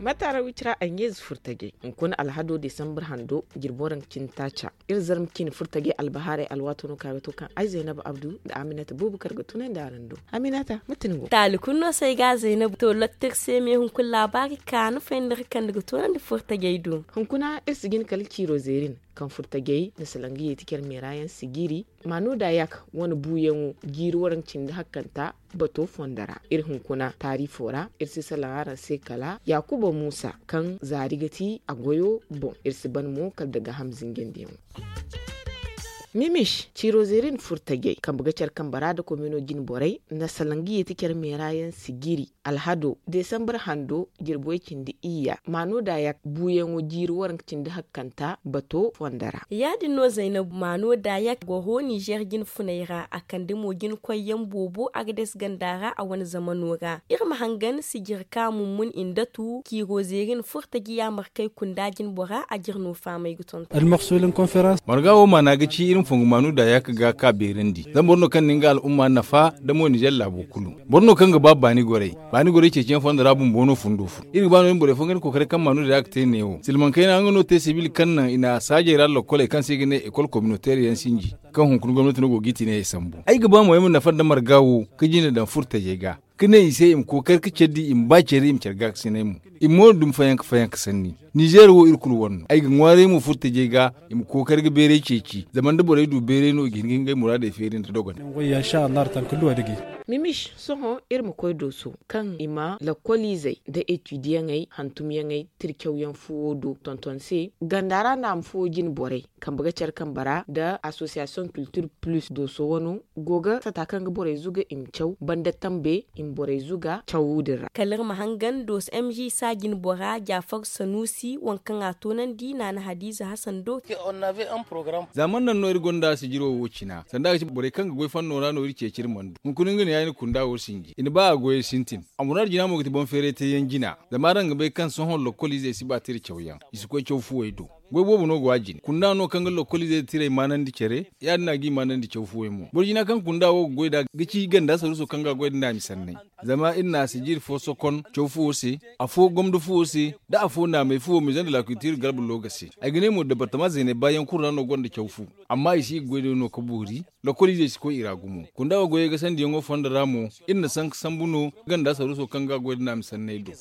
matara witra an yez furtage kun alhado december hando girboran kintacha zarm kin furtage albahare alwato no kawe to kan ai zainabu abdu da aminata bubukar ga tunan da arando aminata mutunugo talikun no sai ga zainabu to lottek sai me hunkun kun ka nufin da kan daga tunan da furtage do hun kuna irsigin kalki rozerin kan furta gei na salangi ya tikar rayan sigiri manu da yak wani buyen giri cin da hakkanta bato fondara irin kuna tari fora irsi salara sai kala yakuba musa kan zarigati a goyo bon irsi ban mokal daga hamzin gendiyan mimish ciro zirin furtage kambuga char kambara da komino jin borai na salangi yeti kyar merayen sigiri alhado december hando jirboy cindi iya mano da yak buyen wo jiru waran cindi hakkanta bato fondara yadi no zainab mano da yak goho niger jin funaira akande mo jin koyen bobo agdes gandara a wani zamanora irma hangan sigir ka mun indatu ki rozerin furtage ya markai kundajin bora a jirno famai al almarsulin conference margawo managici irin fungumanu da ya kaga ka berendi zan borno kan ninga al'umma na fa da mo ni jalla bo kulu borno kan ga babba ni gore ba ni gore ke cin fon da rabun bono fundo fu iri ba no bore fon kan kare kan manu da ya te ne wo silman kai na ngono te sibil kan na ina saje ral lokole kan sigi ne école communautaire yan sinji kan hunkun gwamnati no gogiti ne sambu ai ga ba mu yamin na fa da margawo kijin da furta jega kine ise im kokar kice di im ba ceri im cerga mu imo dum fayanka fayank sanni niger wo irkul wonno ay ngware mu futte je ga im ko karga bere ceci zaman da bore du bere no gingin ga murade ferin da dogon ya insha Allah tan kullu adigi mimish soho irmu er koy doso kan ima la kolizai de etudiyan ai hantum yan ai tirkew yan do tonton se gandara na am jin bore kan buga cer kan bara da association culture plus so wono goga sata kan ga bore zuga im cew banda tambe im bore zuga cawudira kalir mahangan dos mj sa sagin bora jafar sanusi wankan a tonan dina na hadiza hassan doki zaman nan noir gonda su jiro wucina sanda ci bore kan goy fan nora noir ce cir mandu mun kunin gani yayin kunda wo sinji in ba goy sintin amunar jina mo gidi bon fere ta yan jina zamaran ga bai kan son hon lokoli zai sibatir chawyan isu ko chawfu do. gwe bobu no gwajin kunda no kan lo koli de tire manan di cere ya na gi manan di chofu mo borjina kan kunda wo gwe da gici ganda saru so kanga gwe na mi sanne zama inna sijir fo so kon chofu osi afo gomdu fu osi da afo na mai fu mi zan la kutir garbu logasi a gine mu departement zene bayan kurna no gonda chofu amma isi gwe do no kaburi lo koli de ko iragumo kunda wo gwe ga sandi yango fonda ramo inna san sambuno ganda saru so kanga gwe na mi do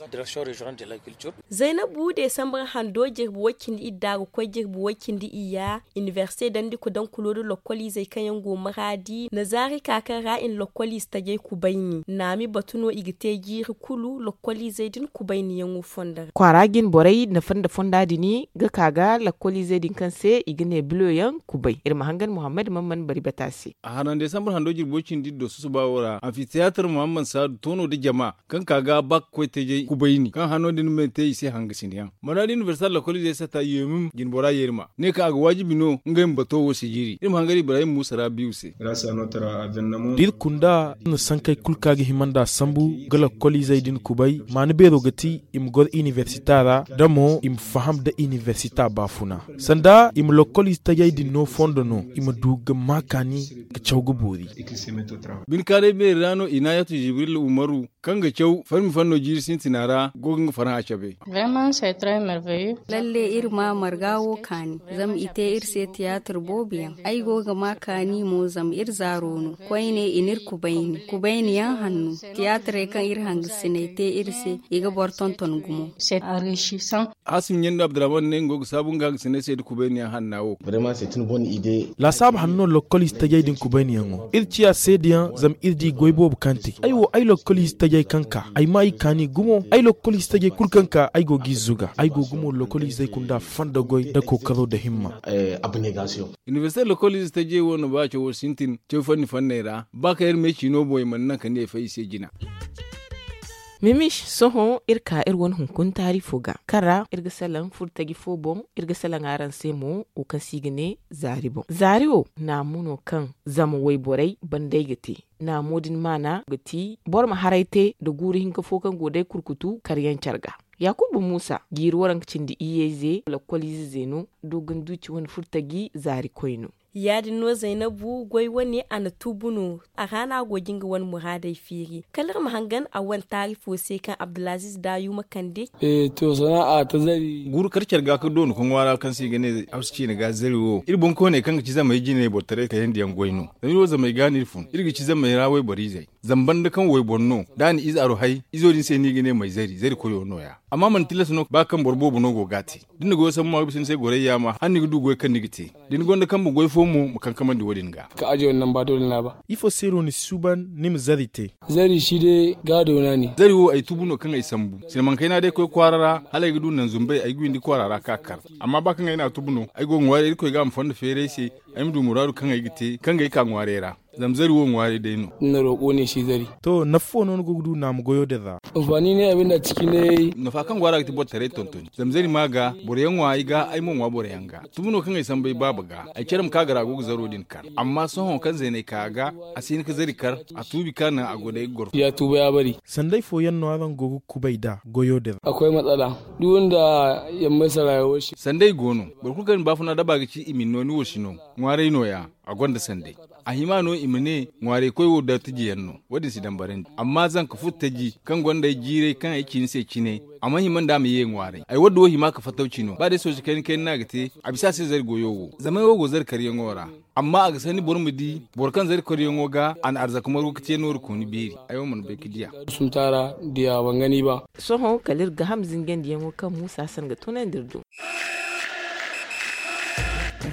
zainabu de sambar hando wakin idda ko bu wakin di iya universite dan di ku dan ku kulori lokoli zai kayan goma radi na zari kakan ra'in lokoli sta gai ku baini nami batuno igite giri kulu lokoli zai din ku baini yan fondar kwaragin borai na fanda fonda di ni ga kaga lokoli zai din kan se igine bilo yan ku bai irma hangan muhammad mamman bari batasi a hanan da sambar hando girbokin di do su ba wura amfiteatar muhammad sadu tono da jama kan kaga bak ko te je ku baini kan hanon din mai yi sai hanga siniyan manadin universal lokoli zai sata yemin ibrahim jinbora yerma ne ka ga wajibi no ngem bato wo sijiri im hangari ibrahim musa rabiu se rasa notara avennamu dir kunda na sankai kulkagi himanda sambu gala koli zaidin kubai mani bero gati im gor universitara damo im faham da universita bafuna sanda im lokoli tajaidin no fondo no im duga makani ka chawgu bori bin kare be rano inayatu jibril umaru kanga kyau farmi fanno jiri sinti nara gogin faran achabe vraiment c'est très merveilleux lalle ir ma margawo kani zam ite ir se theater bobiyan ai goga ma kani mo zam ir zarono koi ne inir kubaini kubaini yan hannu theater kan ir hang sine te ir se iga borton ton gumo c'est enrichissant asim yendo abdraman ne gog sabun gag sine se kubaini yan hannawo vraiment c'est une bonne idée la sab hanno lokkolis tagaydin kubaini yan ir ciya sediyan zam ir di goybo kanti aiwo ai lokkolis yai kanka ai mai kani gumo ai lokoli stage kul kanka ai go gizuga ai go gumo lokoli zai kunda fanda goy da kokaro da himma eh, abnegation université lokoli stage wono ba cho wo sintin ce fanni fannaira ba ka yar me chino boy man nan kan ne fa ise jina mimish soho irka irwon hunkun tari foga kara irga salan furtagi fobon irga salan aran semo o kan sigine zaribo zariwo na muno kan zama wai borai bandai gati na modin mana gati bor ma da guri hinka fokan godai kurkutu karyan charga yakubu musa giruwaran cindi iyeze lakwali zeno dogon duci wani furtagi zari koinu yadi no zainabu gwai wani na tubunu a rana gogin ga wani muradai firi kalar mahangan a wani tarifo sai kan abdulaziz dayu makande eh to sana'a ta zari guru karkar ga ka donu kan wara kan sai gane auski ne ga zari wo irbon ko ne kan ci zama yi jine botare ka yandi yan goino da yo zama gani fun irgi ci zama rawai zai zamban da kan wai bonno dani iza aro hai izo din sai ni gane mai zari zari koyo ya amma man tilas no ba kan borbo no gogati din go san ma bisin sai ya ma hanni du goy kan nigite din gonda kan bu goy fo mu mu kankaman da wurin ga ka aje wannan ba dole na ba ifo sero ni suban nim zari te zari shi dai gado na ne zari wo ai tubuno kan ai sambu man kai na dai koi kwarara hala gidu nan zumbai ai gwindi kwarara ka kar amma ba kan ai na no ai gon wari koi ga amfani da fere shi ai mu muraru kan ai gite kan ga ka ngwarera zamzari won ware da ino Ina roƙo ne shi zari to na fono gudu na mu goyo da za amfani ne abin da ciki ne na fa kan gwara tibot tare tuntun. zamzari ma ga boreyan wa ga ai mon wa boreyan ga tumuno kan isan bai babu ga a kiram ka gara gugu zaro din kar amma son hon kan zaine ka ga a sin ka zari kar a tubi na a gode gor ya tuba ya bari sandai foyan no zan gogo bai da goyo da akwai matsala duk wanda yamma sarayawar shi sandai gono barkukan bafuna da bagaci imin no ni no ware no ya a gwanda sande a himano imine ngware wo da tiji yanno wadi si dambaren amma zan ka futta ji kan gwanda jire kan aiki ni sai kine amma himan da mai yin ngware ai wadda wo himaka fatauci no ba dai so kai kai na gate a bisa sai zar wo zama wo gozar kariye ngora amma a gasani bormudi burkan zar kariye ngoga an kace no ru kuni beri ayo mun be kidiya sun tara diya ban gani ba so ho kalir ga hamzin gendiyan kan musa san ga tunan dirdo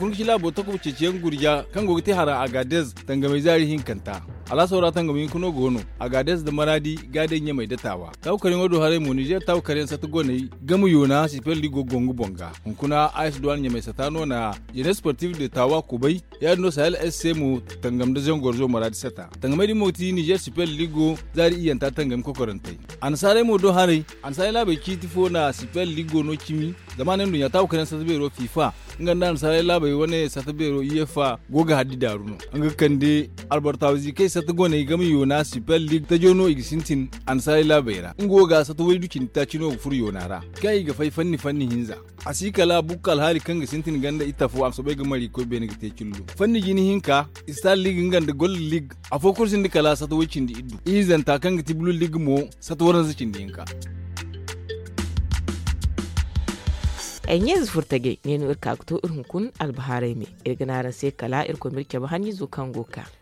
gurgila ta kubuce ciyen gurya kan gurti hara agadez tangame zarihin kanta alasora tanga min kuno gono a gades da maradi gaden ya mai datawa taukarin wadu hare mu nije taukarin sata gonai gamu yona si pelli gogongu gongu bonga hunkuna ice duwan ya mai satano na jenes sportif de tawa kubai ya no sahel sc mu tangam da gorjo maradi sata tangamai di moti nije si pelli ligo zari iyan ta tangam kokorantai ansare mu do hare ansare la be kitifo na si pelli ligo no kimi zamanin dunya taukarin sata ro fifa ngan dan sare la be wone sata bero uefa goga haddi daruno an ga kande albertawzi kai ta gona tagone gama yona super league ta jono igisintin ansari labera go ga sa to ta cino chino fur yonara kai ga fai fanni fanni hinza asikala bukal hali ga sintin ganda ita fu am sobe mari ko be te chillu fanni gini hinka star league ganda gold league afo kursin dikala sa ta wicin di iddu izan ta kanga tiblu league mo sa ta waran zicin dinka anyez furtage ne nur kakto irin kun albaharai me irganaran sai kala irko mirke ba hanyar zo kan goka